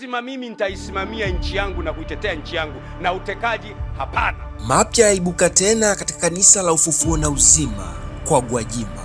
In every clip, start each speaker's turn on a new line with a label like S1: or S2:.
S1: lazima mimi nitaisimamia nchi yangu na kuitetea nchi yangu, na utekaji hapana.
S2: Mapya yaibuka tena katika kanisa la Ufufuo na Uzima kwa Gwajima.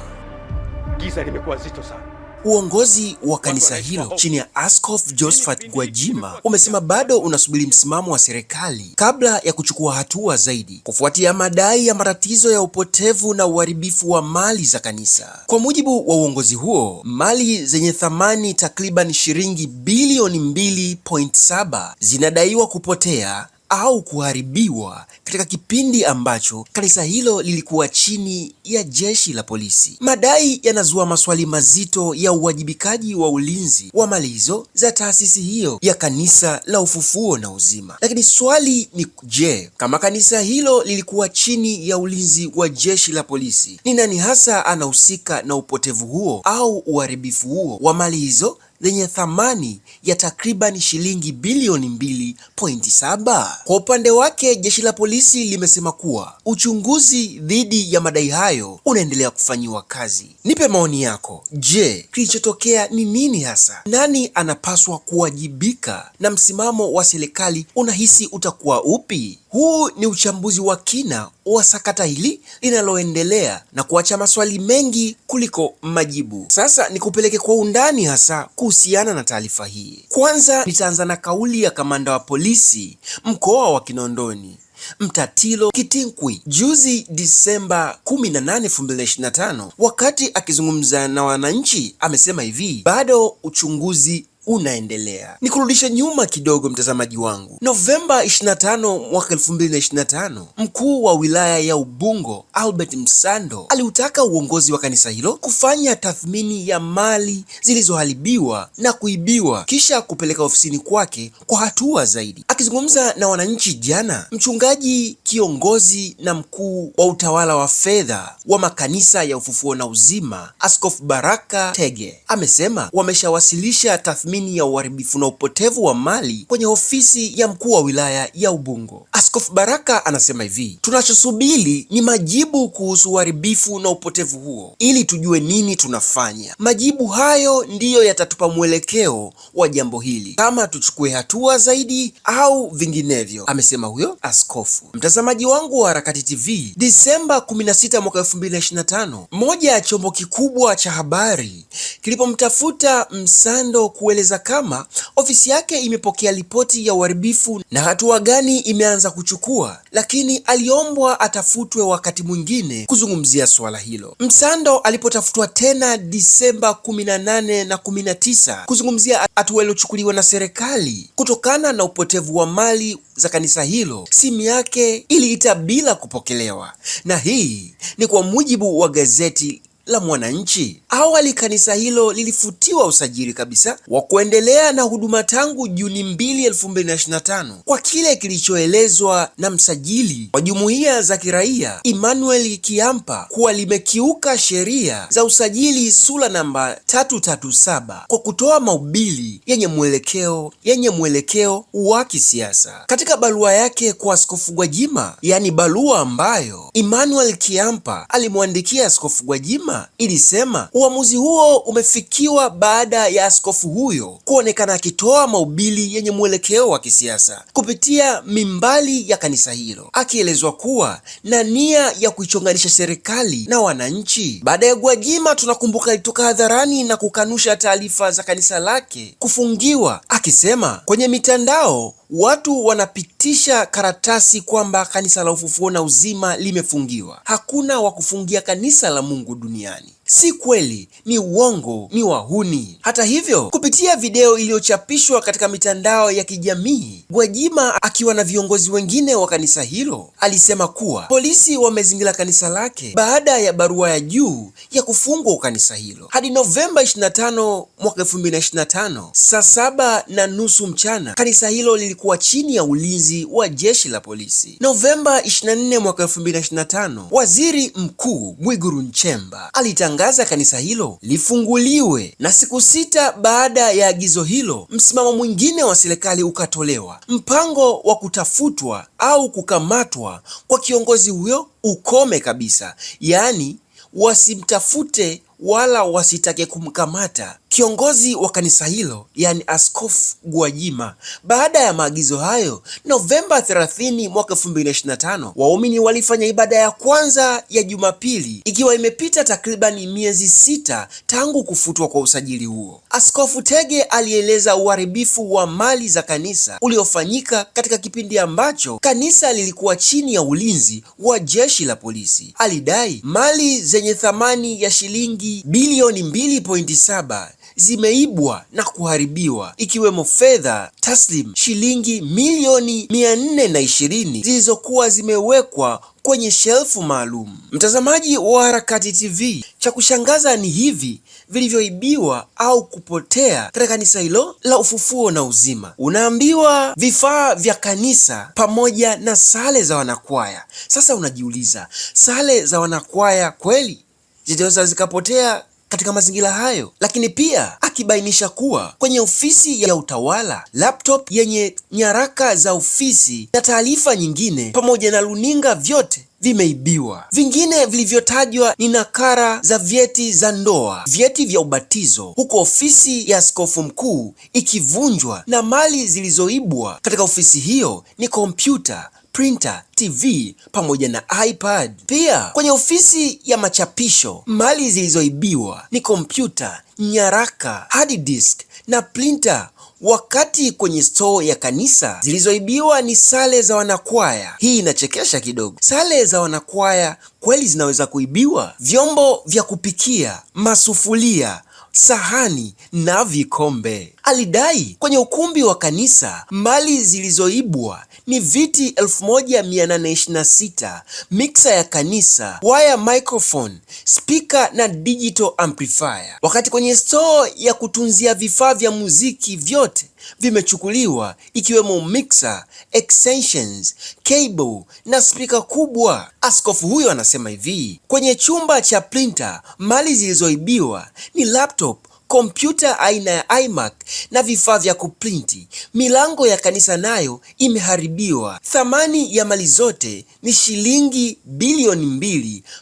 S1: Giza limekuwa zito sana.
S2: Uongozi wa kanisa hilo chini ya Askof Josephat Gwajima umesema bado unasubiri msimamo wa serikali kabla ya kuchukua hatua zaidi kufuatia madai ya matatizo ya upotevu na uharibifu wa mali za kanisa. Kwa mujibu wa uongozi huo, mali zenye thamani takriban shilingi bilioni 2.7 zinadaiwa kupotea au kuharibiwa katika kipindi ambacho kanisa hilo lilikuwa chini ya jeshi la polisi. Madai yanazua maswali mazito ya uwajibikaji wa ulinzi wa mali hizo za taasisi hiyo ya Kanisa la Ufufuo na Uzima. Lakini swali ni je, kama kanisa hilo lilikuwa chini ya ulinzi wa jeshi la polisi, ni nani hasa anahusika na upotevu huo au uharibifu huo wa mali hizo lenye thamani ya takriban shilingi bilioni 2.7. Kwa upande wake, jeshi la polisi limesema kuwa uchunguzi dhidi ya madai hayo unaendelea kufanyiwa kazi. Nipe maoni yako. Je, kilichotokea ni nini hasa? Nani anapaswa kuwajibika na msimamo wa serikali unahisi utakuwa upi? Huu ni uchambuzi wa kina wa sakata hili linaloendelea na kuacha maswali mengi kuliko majibu. Sasa nikupeleke kwa undani hasa kuhusiana na taarifa hii. Kwanza nitaanza na kauli ya kamanda wa polisi mkoa wa Kinondoni mtatilo Kitinkwi juzi Disemba 18, 2025 wakati akizungumza na wananchi amesema hivi: bado uchunguzi unaendelea. Nikurudishe nyuma kidogo, mtazamaji wangu, Novemba 25 mwaka 2025, mkuu wa wilaya ya Ubungo Albert Msando aliutaka uongozi wa kanisa hilo kufanya tathmini ya mali zilizoharibiwa na kuibiwa kisha kupeleka ofisini kwake kwa hatua zaidi. Akizungumza na wananchi jana, mchungaji kiongozi na mkuu wa utawala wa fedha wa makanisa ya Ufufuo na Uzima Askofu Baraka Tege amesema wameshawasilisha tathmini tathmini ya uharibifu na upotevu wa mali kwenye ofisi ya mkuu wa wilaya ya Ubungo. Askofu Baraka anasema hivi, tunachosubiri ni majibu kuhusu uharibifu na upotevu huo ili tujue nini tunafanya. Majibu hayo ndiyo yatatupa mwelekeo wa jambo hili, kama tuchukue hatua zaidi au vinginevyo, amesema huyo askofu. Mtazamaji wangu wa Harakati TV, Disemba 16 mwaka 2025, moja ya chombo kikubwa cha habari kilipomtafuta Msando kueleza kueleza kama ofisi yake imepokea ripoti ya uharibifu na hatua gani imeanza kuchukua, lakini aliombwa atafutwe wakati mwingine kuzungumzia suala hilo. Msando alipotafutwa tena Disemba 18 na 19 kuzungumzia hatua iliyochukuliwa na serikali kutokana na upotevu wa mali za kanisa hilo, simu yake iliita bila kupokelewa, na hii ni kwa mujibu wa gazeti la Mwananchi. Awali kanisa hilo lilifutiwa usajili kabisa wa kuendelea na huduma tangu Juni 2, 2025 kwa kile kilichoelezwa na msajili wa jumuiya za kiraia Emmanuel Kiampa kuwa limekiuka sheria za usajili sura namba 337 kwa kutoa mahubiri yenye mwelekeo yenye mwelekeo wa kisiasa. Katika barua yake kwa Askofu Gwajima, yani barua ambayo Emmanuel Kiampa alimwandikia Askofu Gwajima Roma ilisema uamuzi huo umefikiwa baada ya askofu huyo kuonekana akitoa mahubiri yenye mwelekeo wa kisiasa kupitia mimbali ya kanisa hilo, akielezwa kuwa na nia ya kuichonganisha serikali na wananchi. Baada ya Gwajima, tunakumbuka, alitoka hadharani na kukanusha taarifa za kanisa lake kufungiwa, akisema kwenye mitandao Watu wanapitisha karatasi kwamba kanisa la ufufuo na uzima limefungiwa. Hakuna wa kufungia kanisa la Mungu duniani si kweli, ni uongo, ni wahuni. Hata hivyo, kupitia video iliyochapishwa katika mitandao ya kijamii, Gwajima akiwa na viongozi wengine wa kanisa hilo alisema kuwa polisi wamezingira kanisa lake baada ya barua ya juu ya kufungwa kanisa hilo hadi Novemba 25 mwaka 2025 saa saba na nusu mchana. Kanisa hilo lilikuwa chini ya ulinzi wa jeshi la polisi. Novemba 24 mwaka 2025, waziri mkuu Mwiguru Nchemba alitangaza kulitangaza kanisa hilo lifunguliwe, na siku sita baada ya agizo hilo, msimamo mwingine wa serikali ukatolewa, mpango wa kutafutwa au kukamatwa kwa kiongozi huyo ukome kabisa, yaani wasimtafute wala wasitake kumkamata Kiongozi wa kanisa hilo yaani Askofu Gwajima, baada ya maagizo hayo, Novemba 30 mwaka 2025, waumini walifanya ibada ya kwanza ya Jumapili, ikiwa imepita takribani miezi sita tangu kufutwa kwa usajili huo. Askofu Tege alieleza uharibifu wa mali za kanisa uliofanyika katika kipindi ambacho kanisa lilikuwa chini ya ulinzi wa jeshi la polisi. Alidai mali zenye thamani ya shilingi bilioni 2.7 zimeibwa na kuharibiwa, ikiwemo fedha taslim shilingi milioni mia nne na ishirini zilizokuwa zimewekwa kwenye shelfu maalum. Mtazamaji wa Harakati TV, cha kushangaza ni hivi vilivyoibiwa au kupotea katika kanisa hilo la Ufufuo na Uzima. Unaambiwa vifaa vya kanisa pamoja na sale za wanakwaya. Sasa unajiuliza, sale za wanakwaya kweli zitaweza zikapotea katika mazingira hayo, lakini pia akibainisha kuwa kwenye ofisi ya utawala laptop yenye nyaraka za ofisi na taarifa nyingine pamoja na runinga vyote vimeibiwa. Vingine vilivyotajwa ni nakara za vyeti za ndoa, vyeti vya ubatizo, huku ofisi ya askofu mkuu ikivunjwa, na mali zilizoibwa katika ofisi hiyo ni kompyuta printer, TV pamoja na iPad. Pia kwenye ofisi ya machapisho, mali zilizoibiwa ni kompyuta, nyaraka, hard disk na printer wakati kwenye store ya kanisa zilizoibiwa ni sare za wanakwaya. Hii inachekesha kidogo. Sare za wanakwaya kweli zinaweza kuibiwa? Vyombo vya kupikia, masufuria, sahani na vikombe. Alidai kwenye ukumbi wa kanisa mali zilizoibwa ni viti 1826, mixer ya kanisa, wire microphone, speaker na digital amplifier. Wakati kwenye store ya kutunzia vifaa vya muziki vyote vimechukuliwa ikiwemo mixer, extensions, cable na spika kubwa. Askofu huyo anasema hivi, kwenye chumba cha printer mali zilizoibiwa ni laptop kompyuta aina ya iMac na vifaa vya kuprinti. Milango ya kanisa nayo imeharibiwa. Thamani ya mali zote ni shilingi bilioni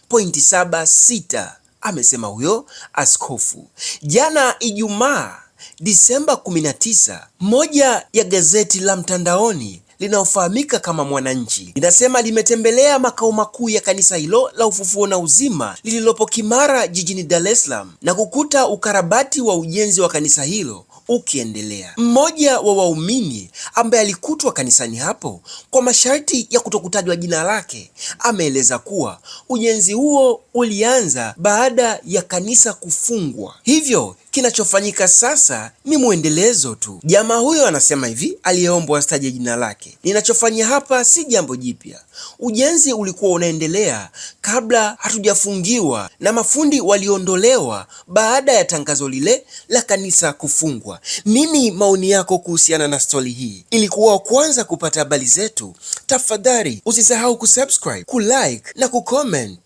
S2: 2.76, amesema huyo askofu jana Ijumaa Disemba 19, moja ya gazeti la mtandaoni linalofahamika kama Mwananchi linasema limetembelea makao makuu ya kanisa hilo la Ufufuo na Uzima lililopo Kimara jijini Dar es Salaam na kukuta ukarabati wa ujenzi wa kanisa hilo ukiendelea. Mmoja wa waumini ambaye alikutwa kanisani hapo kwa masharti ya kutokutajwa jina lake ameeleza kuwa ujenzi huo ulianza baada ya kanisa kufungwa, hivyo kinachofanyika sasa ni mwendelezo tu. Jamaa huyo anasema hivi, aliyeombwa asitaje jina lake, ninachofanya hapa si jambo jipya Ujenzi ulikuwa unaendelea kabla hatujafungiwa na mafundi waliondolewa baada ya tangazo lile la kanisa kufungwa. Nini maoni yako kuhusiana na stori hii? ilikuwa wa kwanza kupata habari zetu, tafadhali usisahau kusubscribe, kulike na kucomment.